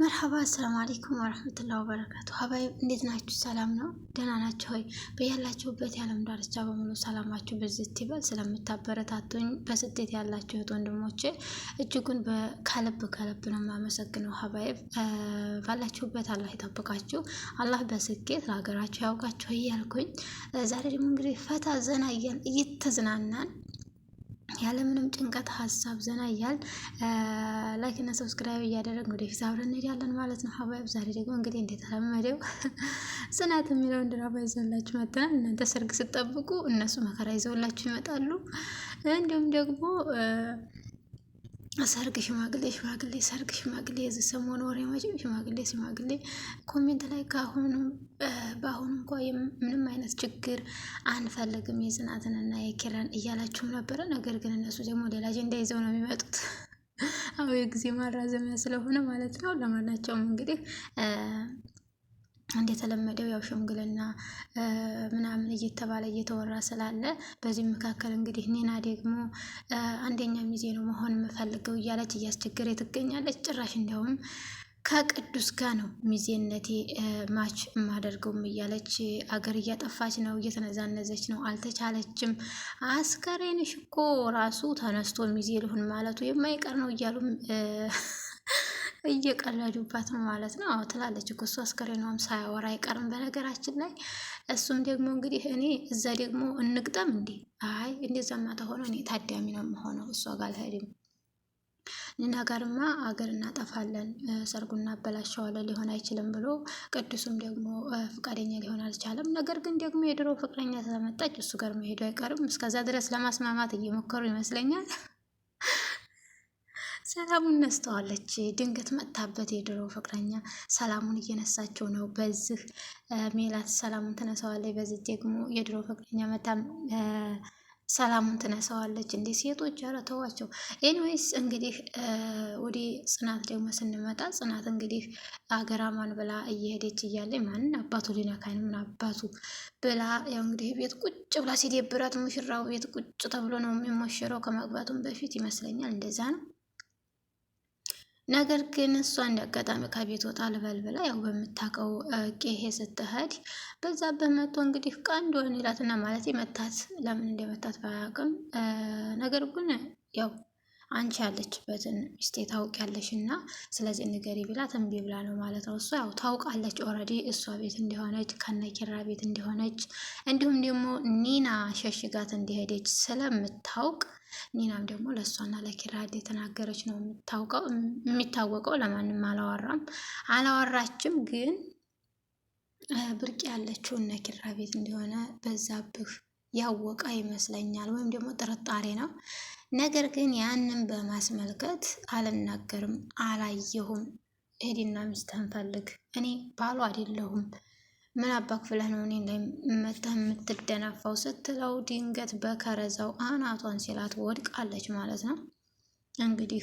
መርሀባ አሰላሙ አለይኩም ወረህመቱላሂ ወበረካቱ። ሀባይ እንዴት ናችሁ? ሰላም ነው? ደህና ናችሁ ሆይ? በያላችሁበት የዓለም ዳርቻ በሙሉ ሰላማችሁ በዚህ ይበል። ስለምታበረታቱኝ በስደት ያላችሁት ወንድሞቼ እጅጉን ከልብ ከልብ ነው የማመሰግነው። ሀባይ ባላችሁበት አላህ ይጠብቃችሁ፣ አላህ በስኬት ለሀገራችሁ ያውቃችሁ እያልኩኝ ዛሬ ደግሞ እንግዲህ ፈታ ዘና እየተዝናናን ያለምንም ጭንቀት ሀሳብ ዘና እያል ላይክ እና ሰብስክራይብ እያደረግን ወደፊት አብረን እንሄዳለን ማለት ነው። ሀባይብ ዛሬ ደግሞ እንግዲህ እንደተለመደው ጽናት የሚለውን ድራማ ይዘውላችሁ መጥተናል። እናንተ ሰርግ ስጠብቁ እነሱ መከራ ይዘውላችሁ ይመጣሉ። እንዲሁም ደግሞ ሰርግ ሽማግሌ ሽማግሌ ሰርግ ሽማግሌ የዚህ ሰሞን ወሬ መቼም ሽማግሌ ሽማግሌ ኮሜንት ላይ ከአሁኑ በአሁኑ እንኳ ምንም አይነት ችግር አንፈልግም የጽናትንና የኪራን እያላችሁም ነበረ። ነገር ግን እነሱ ደግሞ ሌላ አጀንዳ ይዘው ነው የሚመጡት። አሁ የጊዜ ማራዘሚያ ስለሆነ ማለት ነው። ለማናቸውም እንግዲህ እንደተለመደው ያው ሽምግልና ምናምን እየተባለ እየተወራ ስላለ በዚህ መካከል እንግዲህ ኒና ደግሞ አንደኛ ሚዜ ነው መሆን የምፈልገው እያለች እያስቸገረ ትገኛለች። ጭራሽ እንዲያውም ከቅዱስ ጋር ነው ሚዜነቴ ማች የማደርገውም እያለች አገር እያጠፋች ነው፣ እየተነዛነዘች ነው፣ አልተቻለችም። አስከሬንሽ እኮ ራሱ ተነስቶ ሚዜ ልሁን ማለቱ የማይቀር ነው እያሉም እየቀለዱበት ነው ማለት ነው። አዎ ትላለች እኮ እሱ አስከሬኗም ሳያወራ አይቀርም። በነገራችን ላይ እሱም ደግሞ እንግዲህ እኔ እዛ ደግሞ እንግጠም እንዴ? አይ እንደዛማ ተሆነ እኔ ታዳሚ ነው የምሆነው። እሷ ጋር አልሄድም። እኛ ጋርማ አገር እናጠፋለን፣ ሰርጉ እናበላሸዋለን፣ ሊሆን አይችልም ብሎ ቅዱሱም ደግሞ ፍቃደኛ ሊሆን አልቻለም። ነገር ግን ደግሞ የድሮ ፍቅረኛ ስለመጣች እሱ ጋር መሄዱ አይቀርም። እስከዛ ድረስ ለማስማማት እየሞከሩ ይመስለኛል። ሰላሙን ነስተዋለች። ድንገት መጥታበት የድሮ ፍቅረኛ ሰላሙን እየነሳቸው ነው። በዚህ ሜላት ሰላሙን ትነሳዋለች፣ በዚህ ደግሞ የድሮ ፍቅረኛ መታ ሰላሙን ትነሳዋለች። እንዴ ሴቶች ኧረ ተዋቸው። ኤኒዌይስ እንግዲህ ወደ ጽናት ደግሞ ስንመጣ ጽናት እንግዲህ አገራማን ብላ እየሄደች እያለ ማንን አባቱ ሊነካኝ ምን አባቱ ብላ ያው እንግዲህ ቤት ቁጭ ብላ ሲደብራት ሙሽራው ቤት ቁጭ ተብሎ ነው የሚሞሽረው ከመግባቱም በፊት ይመስለኛል እንደዛ ነው። ነገር ግን እሷ እንደ አጋጣሚ ከቤት ወጣ ልበል ብላ ያው በምታውቀው ቄሄ ስትሄድ በዛ በመቶ እንግዲህ ወን ይላትና ማለት መታት፣ ለምን እንደመታት ባያውቅም ነገር ግን ያው አንቺ ያለችበትን ሚስቴ ታውቂያለሽ እና ስለዚህ ንገሪ ብላ ተንቢ ብላ ነው ማለት ነው። እሷ ያው ታውቃለች ኦልሬዲ እሷ ቤት እንደሆነች ከነኪራ ቤት እንደሆነች እንዲሁም ደግሞ ኒና ሸሽጋት እንደሄደች ስለምታውቅ ኒናም ደግሞ ለእሷና ለኪራ የተናገረች ነው የሚታወቀው ለማንም አላወራም አላወራችም ግን ብርቅ ያለችው እነ ኪራ ቤት እንደሆነ በዛብህ ያወቀ ይመስለኛል፣ ወይም ደግሞ ጥርጣሬ ነው። ነገር ግን ያንን በማስመልከት አልናገርም፣ አላየሁም፣ ሄድና ሚስትህን ፈልግ፣ እኔ ባሉ አይደለሁም፣ ምን አባክ ብለህ ነው እኔ ላይ መተህ የምትደነፋው ስትለው ድንገት በከረዛው አናቷን ሲላት ወድቃለች ማለት ነው። እንግዲህ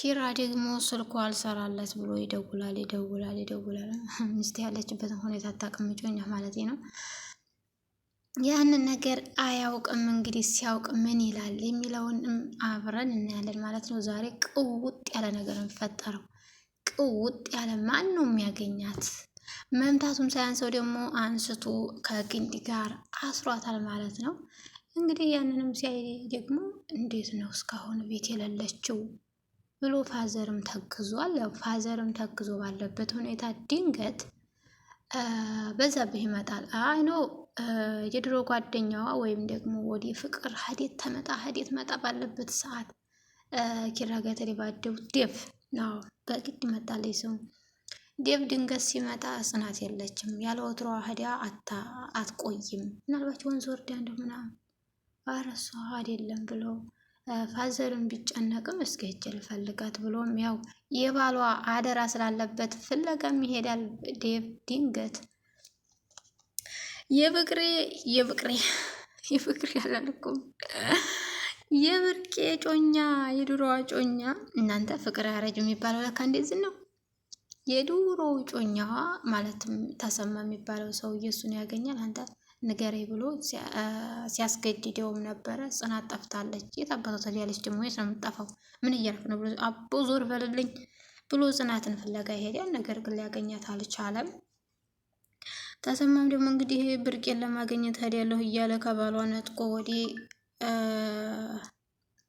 ኪራ ደግሞ ስልኩ አልሰራለት ብሎ ይደውላል ይደውላል ይደውላል። ሚስት ያለችበትን ሁኔታ አታውቅም፣ እጮኛ ማለት ነው። ያንን ነገር አያውቅም። እንግዲህ ሲያውቅ ምን ይላል የሚለውንም አብረን እናያለን ማለት ነው። ዛሬ ቅውጥ ያለ ነገር እንፈጠረው። ቅውጥ ያለ ማን ነው የሚያገኛት? መምታቱም ሳያንሰው ደግሞ አንስቶ ከግንድ ጋር አስሯታል ማለት ነው። እንግዲህ ያንንም ሲያይ ደግሞ እንዴት ነው እስካሁን ቤት የሌለችው ብሎ ፋዘርም ተግዟል። ያው ፋዘርም ተግዞ ባለበት ሁኔታ ድንገት በዛብህ ይመጣል። አይ ነው የድሮ ጓደኛዋ ወይም ደግሞ ወደ ፍቅር ሀዴት ተመጣ ሀዴት መጣ ባለበት ሰዓት ኪራ ጋ የተደባደቡ ዴቭ ነው በግድ መጣለች። ሰው ዴቭ ድንገት ሲመጣ ጽናት የለችም ያለ ወትሮ ሀዲያ አትቆይም። ምናልባት ወንዝ ወርዳ እንደው ምናምን አረሷ አይደለም ብሎ ፋዘርን ቢጨነቅም እስከ ሄጄ ልፈልጋት ብሎም ያው የባሏ አደራ ስላለበት ፍለጋ ይሄዳል ዴቭ ድንገት የፍቅሬ የፍቅሬ የፍቅሬ አላልኩም የብርቄ ጮኛ የድሮዋ ጮኛ። እናንተ ፍቅር ያረጅ የሚባለው ለካ እንደዚህ ነው። የድሮ ጮኛዋ ማለትም ተሰማ የሚባለው ሰው እየሱን ያገኛል አንተ ንገሬ ብሎ ሲያስገድደውም ነበረ። ጽናት ጠፍታለች፣ የታባቷ ተዲያለች፣ ደግሞ የት ነው የምጠፋው? ምን እያልክ ነው ብሎ አቦ ዞር በልልኝ ብሎ ጽናትን ፍለጋ ይሄዳል። ነገር ግን ሊያገኛት አልቻለም። ተሰማም ደግሞ እንግዲህ ብርቄን ለማገኘት ሄዳለሁ እያለ ከባሏ ነጥቆ ወዲህ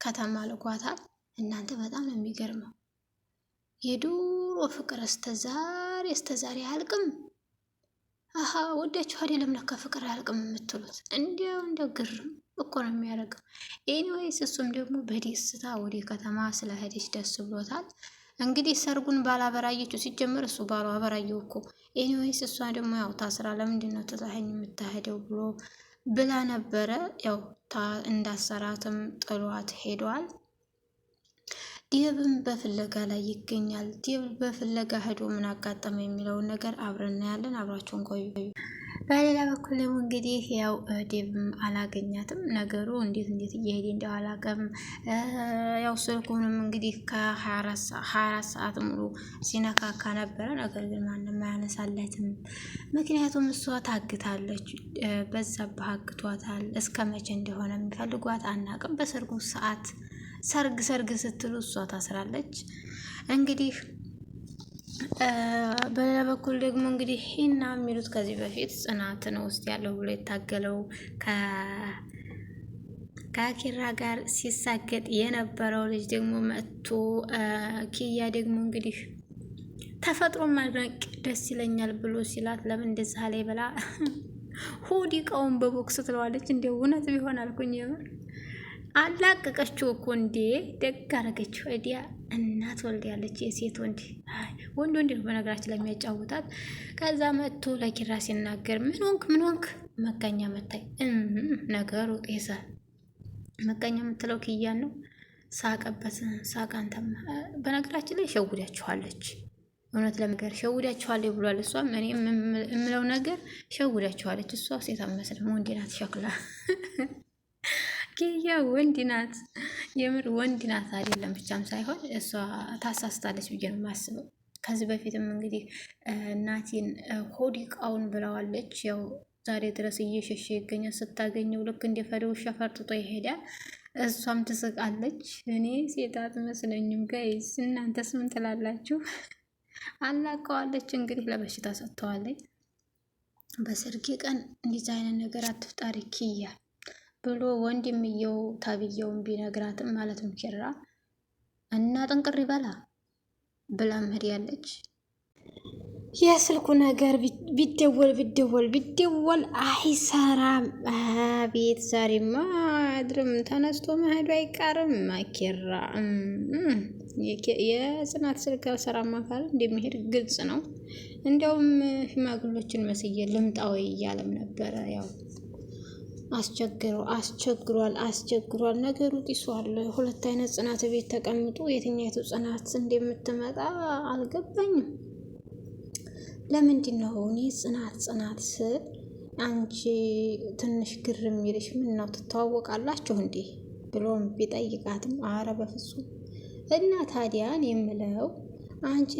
ከተማ ልኳታል። እናንተ በጣም ነው የሚገርመው። የዱሮ ፍቅር እስተዛሬ እስተዛሬ አያልቅም። አሀ ወዳችሁ አይደለም ለካ ፍቅር አያልቅም የምትሉት እንዲያው እንደ ግርም እኮ ነው የሚያደርገው። ኤኒዌይስ እሱም ደግሞ በደስታ ወደ ከተማ ስለሄደች ደስ ብሎታል። እንግዲህ ሰርጉን ባላበራየችው ሲጀመር እሱ ባሉ አበራየው እኮ ኤኒዌይስ፣ እሷ ደግሞ ያው ታስራ ለምንድን ነው ትታኸኝ የምታሄደው ብሎ ብላ ነበረ። ያው እንዳሰራትም ጥሏት ሄዷል። ዲብም በፍለጋ ላይ ይገኛል። ዲብ በፍለጋ ሄዶ ምን አጋጠመ የሚለውን ነገር አብረን እናያለን። አብራችሁን ቆዩ። በሌላ በኩል ደግሞ እንግዲህ ያው ዴብም አላገኛትም። ነገሩ እንዴት እንዴት እየሄደ እንደው አላውቅም። ያው ስልኩንም እንግዲህ ከ24 ሰዓት ሙሉ ሲነካካ ነበረ። ነገር ግን ማንም አያነሳለትም። ምክንያቱም እሷ ታግታለች፣ በዛብህ አግቷታል። እስከ መቼ እንደሆነ የሚፈልጓት አናውቅም። በሰርጉ ሰዓት ሰርግ ሰርግ ስትሉ እሷ ታስራለች እንግዲህ በሌላ በኩል ደግሞ እንግዲህ ሂና የሚሉት ከዚህ በፊት ጽናትን ውስጥ ያለው ብሎ የታገለው ከኪራ ጋር ሲሳገጥ የነበረው ልጅ ደግሞ መጥቶ ኪያ ደግሞ እንግዲህ ተፈጥሮ ማድነቅ ደስ ይለኛል ብሎ ሲላት ለምን እንደዛ ላይ ይበላ ሆዲ እቃውን በቦክስ ትለዋለች። እንደ እውነት ቢሆን አልኩኝ የምር አላቀቀችው እኮ እንዴ! ደግ አረገችው እዲያ እናት ወልድ ያለች የሴት ወንድ ወንድ ወንድ ነው በነገራችን ላይ የሚያጫውታት። ከዛ መጥቶ ለኪራ ሲናገር ምን ሆንክ ምን ሆንክ መቀኛ መታይ ነገሩ ጤሰ መቀኛ የምትለው ክያን ነው። ሳቀበት ሳቃን በነገራችን ላይ ሸውዳችኋለች እውነት ለመገር ሸውዳችኋለች ብሏል። እሷ እኔ የምለው ነገር ሸውዳችኋለች። እሷ ሴት አመስለም ወንዴናት ናት ሸክላ ጌያ ወንድ ናት፣ የምር ወንድ ናት አይደለም ብቻም ሳይሆን እሷ ታሳስታለች ብዬ ነው የማስበው። ከዚህ በፊትም እንግዲህ እናቴን ሆድ እቃውን ብለዋለች። ያው ዛሬ ድረስ እየሸሸ ይገኛል። ስታገኘው ልክ እንደ ውሻ ፈርጥጦ ይሄዳል። እሷም ትስቃለች። እኔ ሴት አትመስለኝም ጋይስ፣ እናንተስ ምን ትላላችሁ? አላቀዋለች እንግዲህ ለበሽታ ሰጥተዋለች። በሰርጌ ቀን እንዲዚ አይነት ነገር አትፍጣሪ ኪያ ብሎ ወንድምየው ታብየውን ቢነግራትም ማለትም ኪራ እና ጥንቅር ይበላ ብላ ምህድ ያለች የስልኩ ነገር ቢደወል ቢደወል ቢደወል አይሰራም። አቤት ዛሬማ አድርም ተነስቶ መሄዱ አይቀርም። ኪራ የጽናት ስልክ አልሰራም ማካል እንደሚሄድ ግልጽ ነው። እንዲያውም ሽማግሎችን መስዬ ልምጣ ወይ እያለም ነበረ ያው አስቸግሮ አስቸግሯል አስቸግሯል። ነገሩ ጢሱ አለ። ሁለት አይነት ጽናት ቤት ተቀምጦ የትኛይቱ ጽናት እንደምትመጣ አልገባኝም። ለምንድን ነው እኔ ጽናት ጽናት ስል አንቺ ትንሽ ግር የሚልሽ ምን ነው ትተዋወቃላችሁ እንዴ ብሎም ቢጠይቃትም አረ በፍጹም እና ታዲያን የምለው አንቺ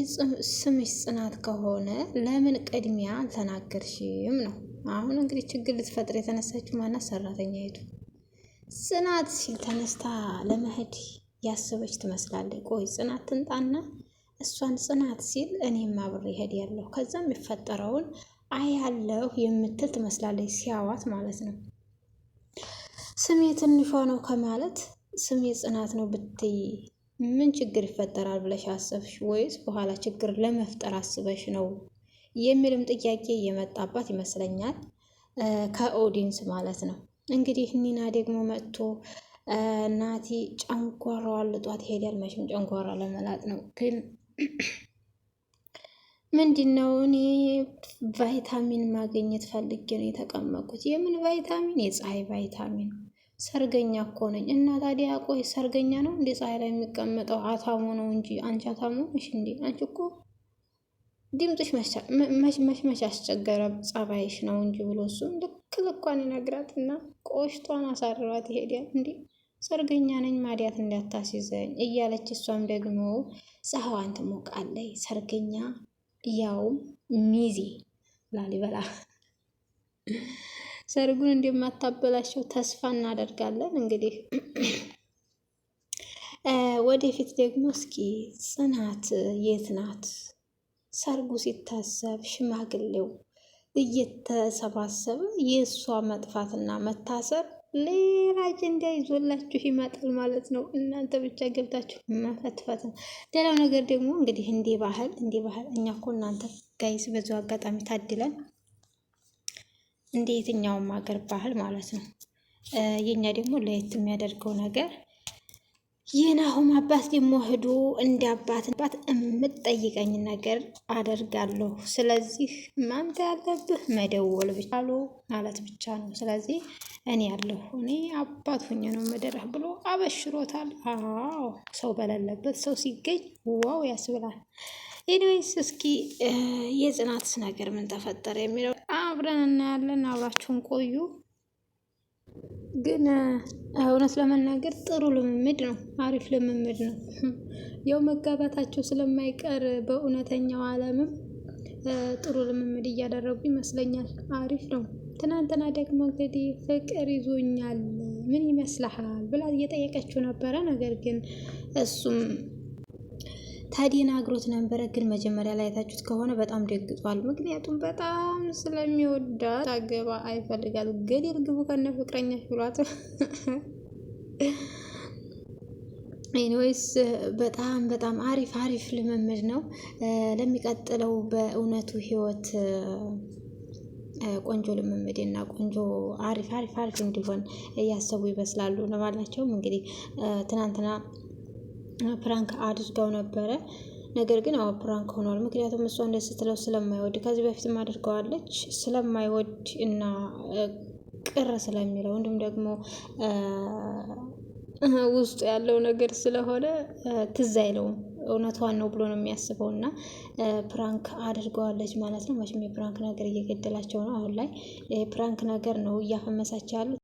ስምሽ ጽናት ከሆነ ለምን ቅድሚያ አልተናገርሽም ነው አሁን እንግዲህ ችግር ልትፈጥር የተነሳችው ማናት? ሰራተኛ ይቱ ጽናት ሲል ተነስታ ለመሄድ ያሰበች ትመስላለች። ቆይ ጽናት ትንጣና እሷን ጽናት ሲል እኔም አብሬ ያለሁ ከዛም የፈጠረውን አያለሁ የምትል ትመስላለች ሲያዋት ማለት ነው። ስሜ ትንሿ ነው ከማለት ስሜ ጽናት ነው ብትይ ምን ችግር ይፈጠራል ብለሽ አሰብሽ? ወይስ በኋላ ችግር ለመፍጠር አስበሽ ነው የሚልም ጥያቄ የመጣባት ይመስለኛል ከኦዲንስ ማለት ነው። እንግዲህ ኒና ደግሞ መጥቶ ናቲ ጨንጓሯ ልጧት ይሄዳል። መቼም ጨንጓራ ለመላጥ ነው ግን ምንድን ነው እኔ ቫይታሚን ማግኘት ፈልጌ ነው የተቀመጥኩት። የምን ቫይታሚን? የፀሐይ ቫይታሚን። ሰርገኛ እኮ ነኝ። እና ታዲያ ቆይ ሰርገኛ ነው እንዴ ፀሐይ ላይ የሚቀመጠው? አታሞ ነው እንጂ አንቺ አታሞ ነሽ እንዴ? አንቺ እኮ ድምፅሽ መሽመሽ አስቸገረ ጸባይሽ ነው እንጂ ብሎ እሱም ልክ ልኳን ይነግራት እና ቆሽቷን አሳርባት ይሄዳል። እንዲ ሰርገኛ ነኝ ማዲያት እንዳታስይዘኝ እያለች እሷም ደግሞ ፀሐዋን ትሞቃለይ። ሰርገኛ ያውም ሚዜ ላሊበላ ሰርጉን እንደማታበላቸው ተስፋ እናደርጋለን። እንግዲህ ወደፊት ደግሞ እስኪ ጽናት የት ናት ሰርጉ ሲታሰብ ሽማግሌው እየተሰባሰበ የእሷ መጥፋትና መታሰር ሌላ አጀንዳ ይዞላችሁ ይመጣል ማለት ነው። እናንተ ብቻ ገብታችሁ መፈትፈት። ሌላው ነገር ደግሞ እንግዲህ እንዲህ ባህል እንደ ባህል እኛ እኮ እናንተ ጋይስ በዛው አጋጣሚ ታድለን እንደ የትኛውም ሀገር ባህል ማለት ነው። የእኛ ደግሞ ለየት የሚያደርገው ነገር የናሆም አባት ደግሞ ሂዶ እንደ አባት አባት የምትጠይቀኝ ነገር አደርጋለሁ። ስለዚህ ማምታ ያለብህ መደወል ብቻ አሉ ማለት ብቻ ነው። ስለዚህ እኔ ያለሁ እኔ አባት ሁኜ ነው መደረህ ብሎ አበሽሮታል። አዎ ሰው በሌለበት ሰው ሲገኝ ዋው ያስብላል። ኤኒዌይስ እስኪ የጽናትስ ነገር ምን ተፈጠረ የሚለው አብረን እናያለን። አብራችሁን ቆዩ። ግን እውነት ለመናገር ጥሩ ልምምድ ነው፣ አሪፍ ልምምድ ነው። ያው መጋባታቸው ስለማይቀር በእውነተኛው ዓለምም ጥሩ ልምምድ እያደረጉ ይመስለኛል። አሪፍ ነው። ትናንትና ደግሞ እንግዲህ ፍቅር ይዞኛል ምን ይመስልሃል ብላ እየጠየቀችው ነበረ። ነገር ግን እሱም ታዲና አግሮት ነበረ። ግን መጀመሪያ ላይ የታችሁት ከሆነ በጣም ደግጧል። ምክንያቱም በጣም ስለሚወዳት ታገባ አይፈልጋል። ግን ግቡ ከነ ፍቅረኛ ብሏት። ኤኒዌይስ በጣም በጣም አሪፍ አሪፍ ልምምድ ነው ለሚቀጥለው በእውነቱ ህይወት ቆንጆ ልምምድ እና ቆንጆ አሪፍ አሪፍ አሪፍ እንዲሆን እያሰቡ ይመስላሉ። ለማላቸውም እንግዲህ ትናንትና ፕራንክ አድርገው ነበረ። ነገር ግን አዎ ፕራንክ ሆኗል። ምክንያቱም እሷ እንደ ስትለው ስለማይወድ ከዚህ በፊትም አድርገዋለች ስለማይወድ እና ቅር ስለሚለው እንዲሁም ደግሞ ውስጡ ያለው ነገር ስለሆነ ትዝ አይለውም። እውነቷን ነው ብሎ ነው የሚያስበው እና ፕራንክ አድርገዋለች ማለት ነው። መቼም የፕራንክ ነገር እየገደላቸው ነው አሁን ላይ። የፕራንክ ነገር ነው እያፈመሳቸው ያሉ